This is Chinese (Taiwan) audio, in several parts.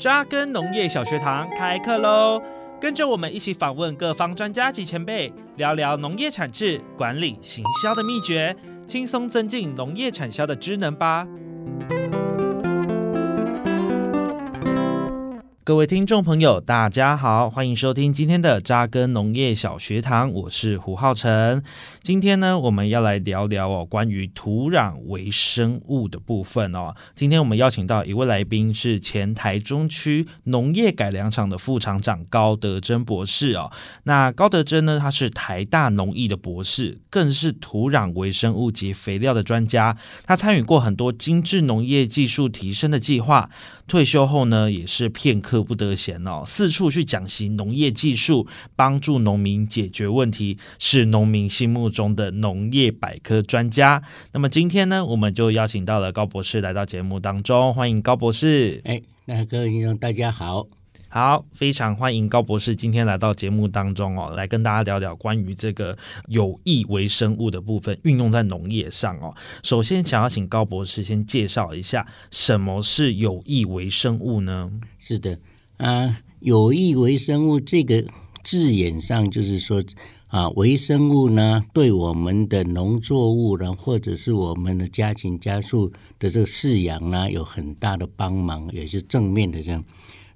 扎根農業小學堂開課嘍！跟着我們一起訪問各方專家及前輩，聊聊農業產製、管理、行銷的祕訣，輕鬆增進農業產銷的職能吧。各位聽眾朋友，大家好，歡迎收聽今天的扎根農業小學堂，我是胡浩辰。今天呢，我們要來聊聊、哦、關於土壤微生物的部分哦。今天我們邀請到一位來賓是前台中區農業改良場的副場長高德錚博士哦。那高德錚呢，他是台大農藝的博士，更是土壤微生物及肥料的專家。他參與過很多精致農業技術提升的計劃。退休後呢，也是片刻。不得閒哦，四處去講習農業技術，幫助農民解決問題，是農民心目中的農業百科專家。那麼今天呢，我們就邀請到了高博士來到節目當中，歡迎高博士。哎、欸，那各位聽眾大家好，好，非常歡迎高博士今天來到節目當中哦，來跟大家聊聊關於這個有益微生物的部分運用在農業上哦。首先，想要請高博士先介紹一下什麼是有益微生物呢？是的。啊，有益微生物這個字眼上，就是說，啊，微生物呢，對我們的農作物呢，或者是我們的家禽家畜的這個飼養呢，有很大的幫忙，也是正面的這樣。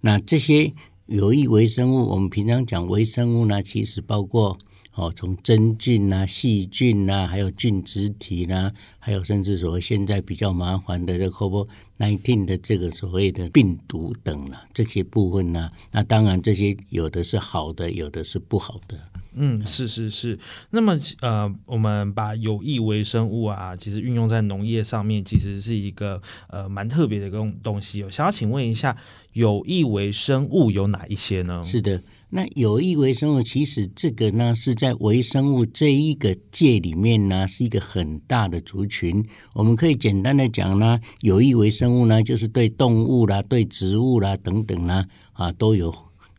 那這些有益微生物，我們平常講微生物呢，其實包括。哦，從真菌吶、啊、細菌吶、啊，還有菌質體吶、啊，還有甚至說現在比較麻煩的這 COVID-19 的這個所謂的病毒等了、啊、這些部分呢、啊，那當然這些有的是好的，有的是不好的。嗯，是是是。那麼呃，我們把有益微生物啊，其實運用在農業上面，其實是一個呃蠻特別的東西、哦。我想要請問一下，有益微生物有哪一些呢？是的。那有益微生物其實這個呢，是在微生物這一個界裡面呢，是一個很大的族群。我們可以簡單的講呢，有益微生物呢，就是對動物啦、對植物啦等等啦，啊都有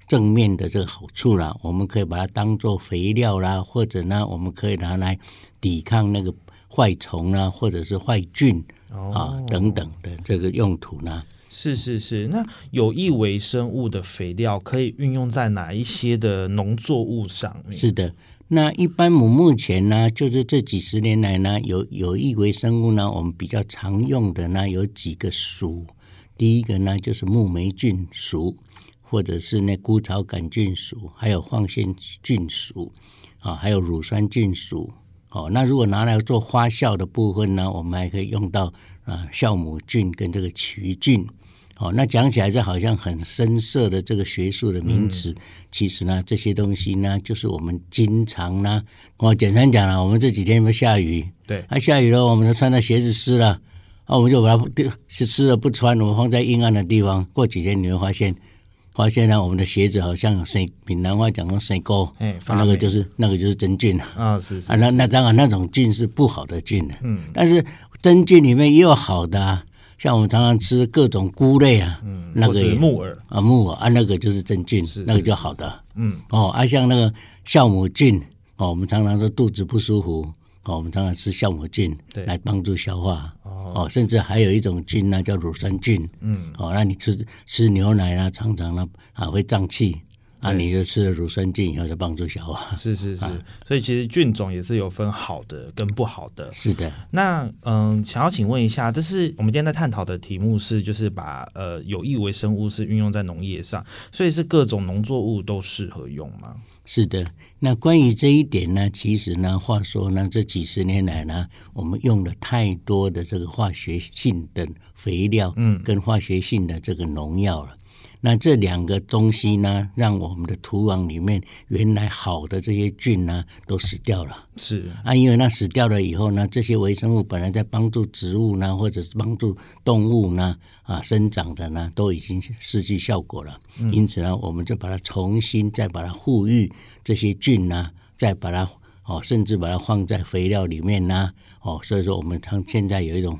正面的這個好處啦。我們可以把它當作肥料啦，或者呢，我們可以拿來抵抗那個壞蟲啊，或者是壞菌啊、Oh. 等等的這個用途呢。是是是，那有益微生物的肥料可以運用在哪一些的農作物上面？是的，那一般目前呢，就是這幾十年來呢，有有益微生物呢，我們比較常用的呢有幾個屬，第一個呢就是木霉菌屬，或者是那枯草桿菌屬，還有放線菌屬啊，還有乳酸菌屬。哦，那如果拿來做發酵的部分呢，我們還可以用到啊、呃、酵母菌跟這個麴菌。哦，那講起來就好像很深澀的這個學術的名詞。嗯、其實呢這些東西呢，就是我們經常呢，我、哦、簡單講了，我們這幾天有沒有下雨？對，那、啊、下雨了，我們的穿的鞋子濕了，那、啊、我們就把它丟是濕了不穿，我們放在陰暗的地方，過幾天你會發現。發現呢、啊，我們的鞋子好像有水，閩南話講的水溝，那個就是那個就是真菌啊，哦、是，是，是啊，那那當然那種菌是不好的菌、啊、嗯，但是真菌裡面也有好的、啊，像我們常常吃各種菇類啊，嗯、那個木耳啊木耳啊那個就是真菌，是是是那個就好的、啊。嗯，哦，啊像那個酵母菌，哦，我們常常說肚子不舒服。哦，我們常常吃酵母菌，來幫助消化。對哦，甚至還有一種菌呢，叫乳酸菌。嗯，哦，那你吃吃牛奶啦，常常呢，啊會脹氣。那、啊、你就吃了乳酸菌以後就幫助消化。是是是，啊、所以其實菌種也是有分好的跟不好的。是的，那嗯，想要請問一下，這是我們今天在探討的題目是，就是把呃有益微生物是運用在農業上，所以是各種農作物都適合用嗎？是的。那關於這一點呢，其實呢，話說呢，這幾十年來呢，我們用了太多的這個化學性的肥料，嗯，跟化學性的這個農藥了。嗯那這兩個東西呢，讓我們的土壤裡面原來好的這些菌呢，都死掉了。是啊，因為那死掉了以後呢，這些微生物本來在幫助植物呢，或者是幫助動物呢啊，生長的呢，都已經失去效果了。嗯。因此呢，我們就把它重新再把它復育這些菌呢，再把它哦，甚至把它放在肥料裡面呢哦。所以說，我們像現在有一種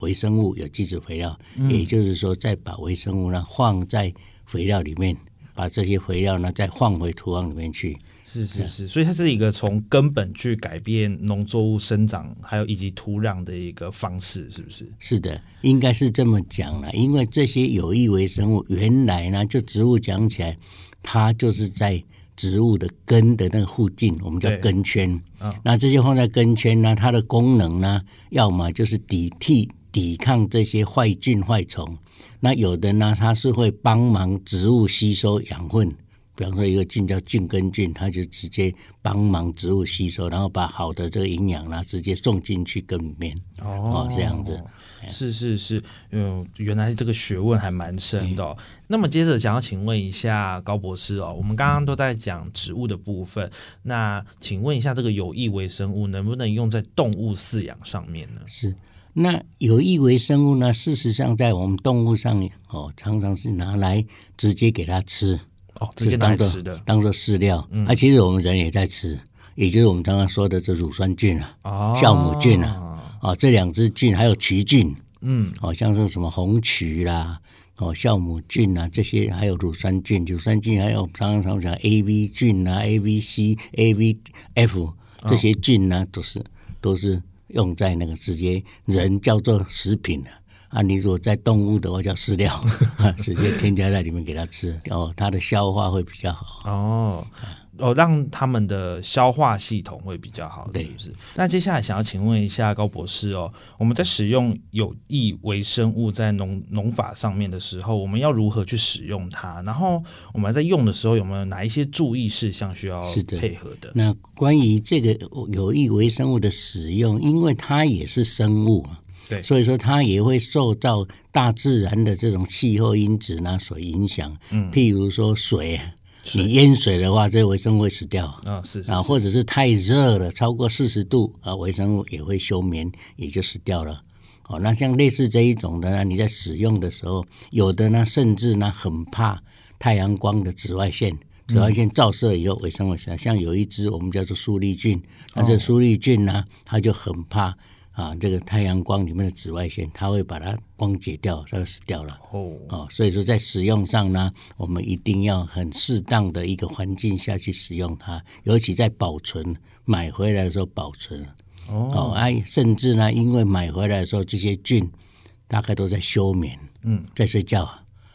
微生物有機質肥料，嗯。也就是說再把微生物呢放在。肥料裡面，把這些肥料呢再放回土壤裡面去。是是是，嗯、所以它是一個從根本去改變農作物生長，還有以及土壤的一個方式，是不是？是的，應該是這麼講啦，因為這些有益微生物原來呢，就植物講起來，它就是在植物的根的那個附近，我們叫根圈。嗯、那這些放在根圈呢，它的功能呢，要麼就是抵替。抵抗這些壞菌壞蟲，那有的呢，它是會幫忙植物吸收養分。比方說，一個菌叫菌根菌，它就直接幫忙植物吸收，然後把好的這個營養啦，啊，直接送進去根裡面哦，哦，這樣子。是是是，嗯，原來這個學問還蠻深的，哦。嗯、那麼接着想要請問一下高博士哦，我們剛剛都在講植物的部分，嗯、那請問一下，這個有益微生物能不能用在動物飼養上面呢？是。那有益微生物呢，事實上，在我們動物上哦，常常是拿來直接給它吃，哦，直接是當做當做飼料。嗯、啊，其實我們人也在吃，也就是我們常常說的這乳酸菌啊，哦、酵母菌啊，哦，這兩隻菌還有曲菌，嗯，好、哦、像是什麼紅曲啦，哦，酵母菌啊，這些還有乳酸菌，乳酸菌還有我們常常常講 A、V 菌啊，A、V C、A、V F 這些菌啊，都是都是。用在那個直接人叫做食品啊，啊你如果在動物的話叫飼料， 直接添加在裡面給它吃哦，它的消化會比較好哦。哦，讓他們的消化系統會比較好，對是不是？那接下來想要請問一下高博士哦，我們在使用有益微生物在農農法上面的時候，我們要如何去使用它？然後我們在用的時候有沒有哪一些注意事項需要配合的？是的，那關於這個有益微生物的使用，因為它也是生物嘛，對，所以說它也會受到大自然的這種氣候因子呢所影響，嗯，譬如說水啊。你淹水的話，是這微生物會死掉啊。哦，是，是，是啊，或者是太熱了，超過四十度啊，微生物也會休眠，也就死掉了。哦，那像類似這一種的呢，你在使用的時候，有的呢甚至呢很怕太陽光的紫外線，紫外線照射以後，嗯、微生物像像有一隻我們叫做蘇力菌，但是蘇力菌呢，它就很怕。啊，這個太陽光裡面的紫外線，它會把它光解掉，它就死掉了。哦，哦，所以說在使用上呢，我們一定要很適當的一個環境下去使用它，尤其在保存，買回來的時候保存。哦，哎，啊，甚至呢，因為買回來的時候這些菌大概都在休眠，嗯，在睡覺。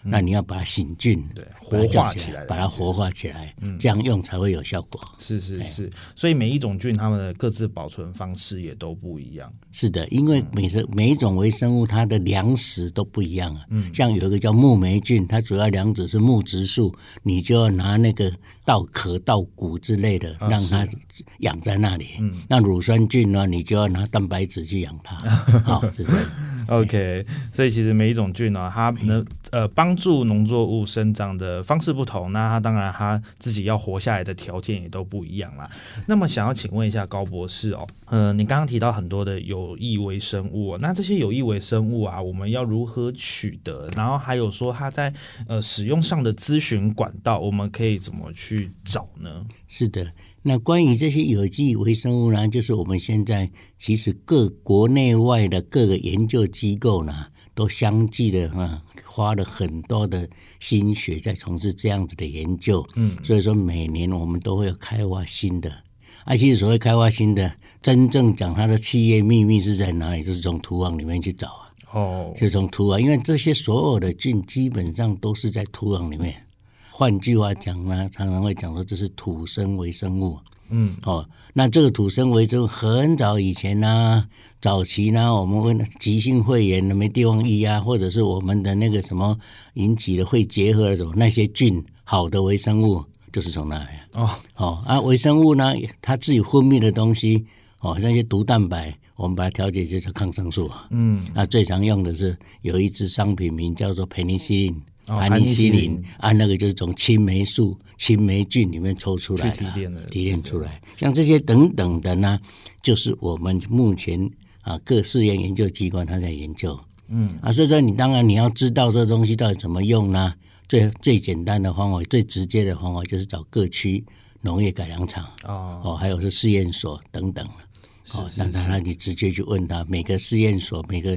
那你要把它醒菌，對，活化起來，把它活化起來，這樣用才會有效果。是是是，所以每一種菌，它們的各自保存方式也都不一樣。是的，因為每每一種微生物，它的糧食都不一樣啊。嗯，像有一個叫木黴菌，它主要糧食是木質素，你就要拿那個稻殼、稻穀之類的，讓它養在那裡。嗯，那乳酸菌呢，你就要拿蛋白質去養它。好，這樣。OK，所以其實每一種菌呢、哦，它能呃幫助農作物生長的方式不同，那它當然它自己要活下來的條件也都不一樣啦。那麼想要請問一下高博士哦，嗯、呃，你剛剛提到很多的有益微生物、哦，那這些有益微生物啊，我們要如何取得？然後還有說它在呃使用上的諮詢管道，我們可以怎麼去找呢？是的。那關於這些有機微生物呢，就是我們現在其實各國內外的各個研究機構呢，都相繼的啊，花了很多的心血在從事這樣子的研究。嗯，所以說每年我們都會有開發新的，而且啊，所謂開發新的，真正講它的企業秘密是在哪裡，就是從土壤裡面去找啊。哦，就從土壤，因為這些所有的菌基本上都是在土壤裡面。換句話講呢，常常會講說，這是土生微生物，嗯，哦，那這個土生微生物很早以前呢，啊，早期呢，啊，我們問急性肺炎的沒地方醫啊，或者是我們的那個什麼引起的肺結核的時候，那些菌，好的微生物就是從那裡啊，哦，哦，啊，微生物呢，它自己分泌的東西，哦，那些毒蛋白，我們把它調節就是抗生素啊，嗯，那，啊、最常用的是有一支商品名叫做 Penicillin。盤尼、哦、西林，啊，那個就是從青黴素、青黴菌裡面抽出來的，提煉出來。像這些等等的呢，哦、就是我們目前啊，各試驗研究機關他在研究，嗯啊，所以說你當然你要知道這東西到底怎麼用呢？最最簡單的方法，最直接的方法就是找各區農業改良場哦，哦，還有是試驗所等等是是是哦，那那當然你直接去問他，每個試驗所、每個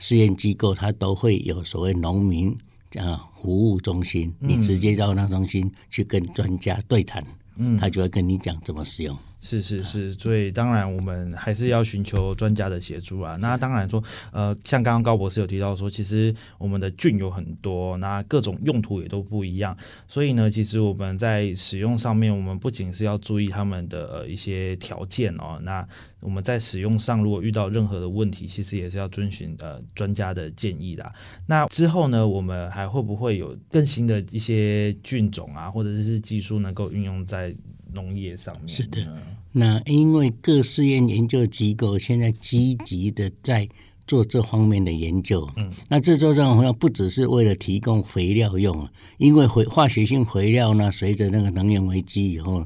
試驗機構，它都會有所謂農民。啊，服務中心，你直接到那中心去跟專家對談，嗯、他就會跟你講怎麼使用。是是是，所以當然我們還是要尋求專家的協助啊。那當然說，呃，像剛剛高博士有提到說，其實我們的菌有很多，那各種用途也都不一樣。所以呢，其實我們在使用上面，我們不僅是要注意它們的、呃、一些條件哦。那我們在使用上，如果遇到任何的問題，其實也是要遵循呃專家的建議的。那之後呢，我們還會不會有更新的一些菌種啊，或者是技術能夠運用在？農業上面是的，那因為各試驗研究機構現在積極的在做這方面的研究，嗯，那製作這種肥料不只是為了提供肥料用，因為回化學性肥料呢，隨着那個能源危機以後，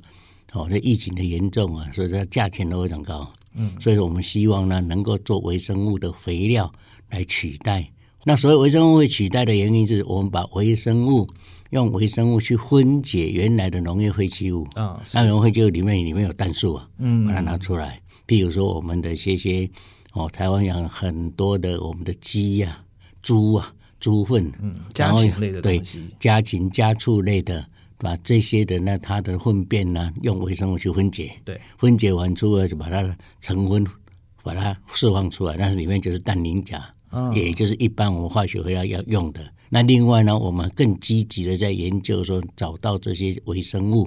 哦，這疫情的嚴重啊，所以說價錢都非常高，嗯，所以我們希望呢能夠做微生物的肥料來取代，那所謂微生物會取代的原因就是我們把微生物。用微生物去分解原來的農業廢棄物啊，oh, 那農業廢棄物裡面裡面有氮素啊，嗯，把它拿出來。譬如說我們的這些哦，台灣養很多的我們的雞呀、啊、豬啊、豬糞，嗯，然後家禽類的東西對家禽、家畜類的，把這些的呢，它的糞便呢，用微生物去分解，對，分解完之後就把它成分把它釋放出來，那裡面就是氮磷鉀，oh. 也就是一般我們化學肥料要，要用的。那另外呢，我們更積極地在研究說，找到這些微生物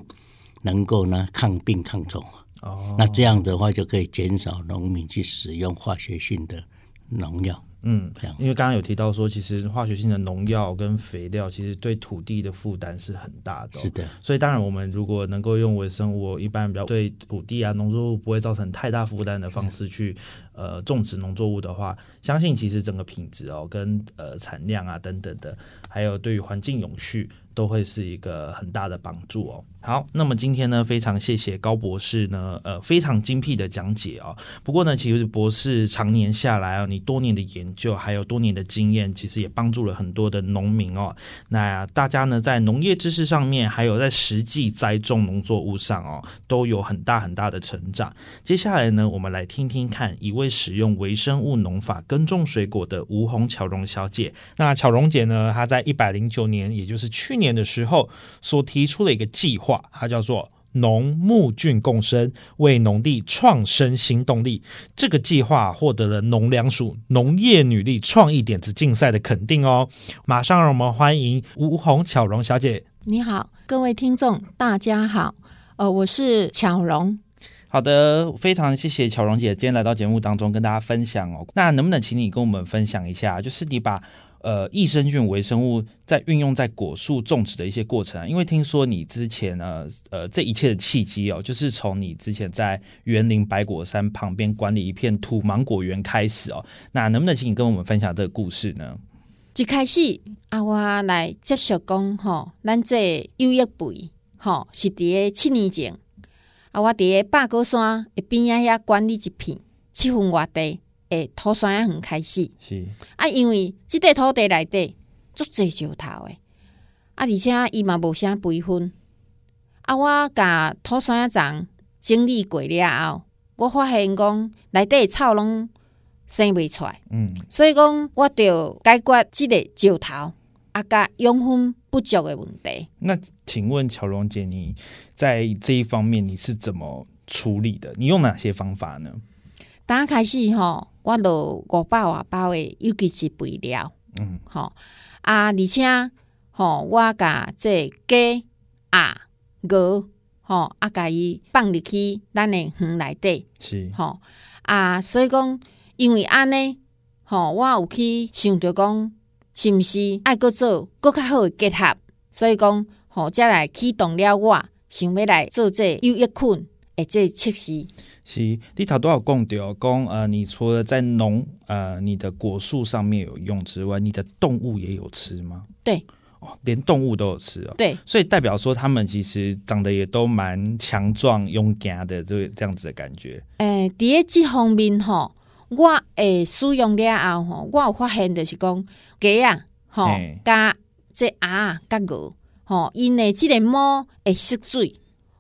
能夠呢抗病抗蟲哦，那這樣的話就可以減少農民去使用化學性的農藥。嗯，這樣，因為剛剛有提到說，其實化學性的農藥跟肥料，其實對土地的負擔是很大的哦。是的，所以當然我們如果能夠用微生物，一般比較對土地啊農作物不會造成太大負擔的方式去。嗯呃，種植農作物的話，相信其實整個品質哦，跟呃產量啊等等的，還有對於環境永續都會是一個很大的幫助哦。好，那麼今天呢，非常謝謝高博士呢，呃，非常精闢的講解哦。不過呢，其實博士長年下來啊，你多年的研究還有多年的經驗，其實也幫助了很多的農民哦。那啊，大家呢，在農業知識上面，還有在實際栽種農作物上哦，都有很大很大的成長。接下來呢，我們來聽聽看一位。使用微生物農法耕種水果的吳洪巧容小姐，那巧容姐呢，她在一百零九年，也就是去年的時候，所提出了一個計劃，它叫做“農牧菌共生，為農地創生新動力”。這個計劃獲得了農糧署農業女力創意點子競賽的肯定哦。馬上讓我們歡迎吳洪巧容小姐。你好，各位聽眾，大家好。呃，我是巧容。好的，非常謝謝巧容姐今天來到節目當中跟大家分享哦。那能不能請你跟我們分享一下，就是你把呃益生菌微生物在運用在果樹種植的一些過程啊？因為聽說你之前呢，呃，這一切的契機哦，就是從你之前在園林百果山旁邊管理一片土芒果園開始哦。那能不能請你跟我們分享這個故事呢？一開始啊，我來接受工吼，咱這有一輩吼，是第七年前。啊，我佇個百果山一邊仔遐管理一片七分外地，誒，土山仔很開始是啊，因為即塊土地內底足儕石頭誒，啊，而且伊嘛無啥肥分。啊，我甲土山仔長整理過了後，我發現講內底草攏生袂出來。嗯，所以講我着解決即個石頭，啊，甲養分。不足的問題。那請問巧容姐，你在這一方面你是怎麼處理的？你用哪些方法呢？剛開始哈，我落五百外包的，有機肥料。嗯，好啊，而且哈、哦，我甲這雞啊鵝，哈啊甲伊放入去的，咱誒很來得是。好啊，所以講，因為安呢，好、哦、我有去想着講。是毋是愛夠做，夠較好的結合？所以講，吼，再來啟動了我。我想欲來做這優益菌，這個測試是，你頭拄有講着？講，呃，你除了在農呃，你的果樹上面有用之外，你的動物也有吃嗎？對，哦，連動物都有吃哦。對，所以代表說，它們其實長得也都蠻強壯、勇敢的，這這樣子的感覺。誒、欸，佇欸即方面吼、哦。我誒，使用了後吼，我有發現著是講，雞啊，吼，鴨、這鴨、甲鵝吼，因誒，即個毛會吸水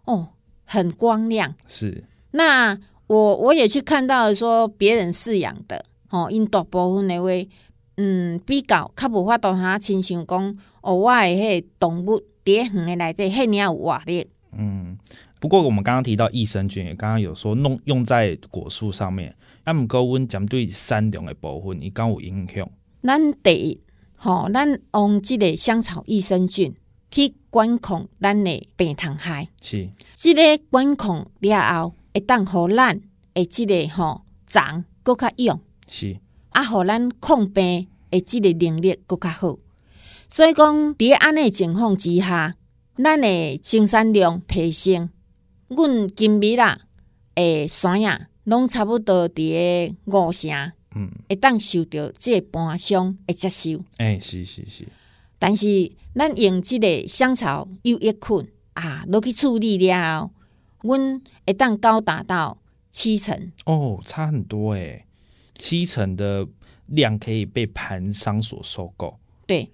哦，很光亮。是，那我我有去看到說別人飼養的吼，因大部分誒話，嗯，比較比較無法度哈親像講哦，我誒，迄個動物佇第遠誒內底，迄領有活力。嗯。不過，我們剛剛提到益生菌，剛剛有說弄用在果樹上面。那毋過阮針對產量誒部分伊有影響？咱第一，吼，咱用即個香草益生菌去管控咱的病蟲害。是，即個管控了後，會當吼咱，會即個吼蟲更較用，是，啊，吼，咱抗病會即個能力更較好。所以講，佇安尼的情況之下，咱的生產量提升。阮今日啊，誒，山啊攏差不多佇咧五成，嗯，會當收到即個盤商，一接收，誒、嗯欸，是是是。是但是咱用即個香草有益菌啊，落去處理了，後，阮一旦高達到七成，哦，差很多誒，七成的量可以被盤商所收購。對，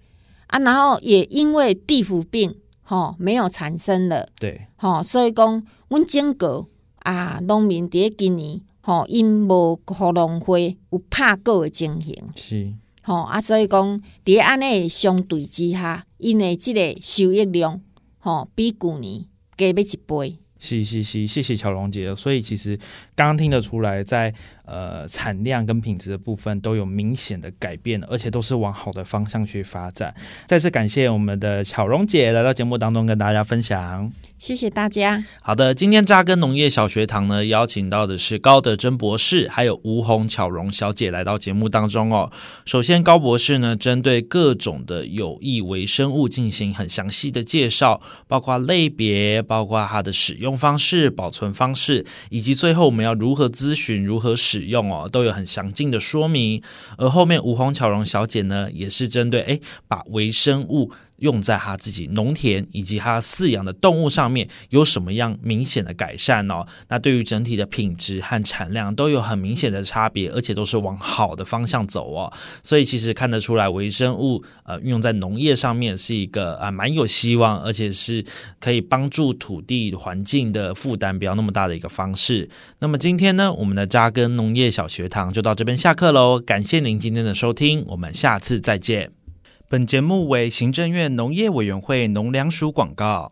啊，然後也因為地府病。吼、哦，沒有產生了，對，吼、哦，所以講，阮整個啊，農民佇咧今年，吼、哦，因無互農會有拍誒情形。是，吼、哦、啊，所以講，佇咧按呢誒相對之下，因誒即個收益量，吼、哦，比舊年加要一倍，是是是，謝謝巧容姐，所以其實。剛剛聽得出來在，在呃產量跟品質的部分都有明顯的改變，而且都是往好的方向去發展。再次感謝我們的巧容姐來到節目當中跟大家分享，謝謝大家。好的，今天扎根農業小學堂呢，邀請到的是高德錚博士，還有吳洪巧容小姐來到節目當中哦。首先，高博士呢，針對各種的有益微生物進行很詳細的介紹，包括類別，包括它的使用方式、保存方式，以及最後我們要。如何諮詢？如何使用哦？都有很詳盡的說明。而後面吳洪巧容小姐呢，也是針對誒、欸，把微生物。用在他自己農田以及他飼養的動物上面有什麼樣明顯的改善呢、哦？那對於整體的品質和產量都有很明顯的差別，而且都是往好的方向走哦。所以其實看得出來，微生物呃運用在農業上面是一個啊、呃、蠻有希望，而且是可以幫助土地環境的負擔不要那麼大的一個方式。那麼今天呢，我們的扎根農業小學堂就到這邊下課嘍。感謝您今天的收聽，我們下次再見。本節目為行政院農業委員會農糧署廣告。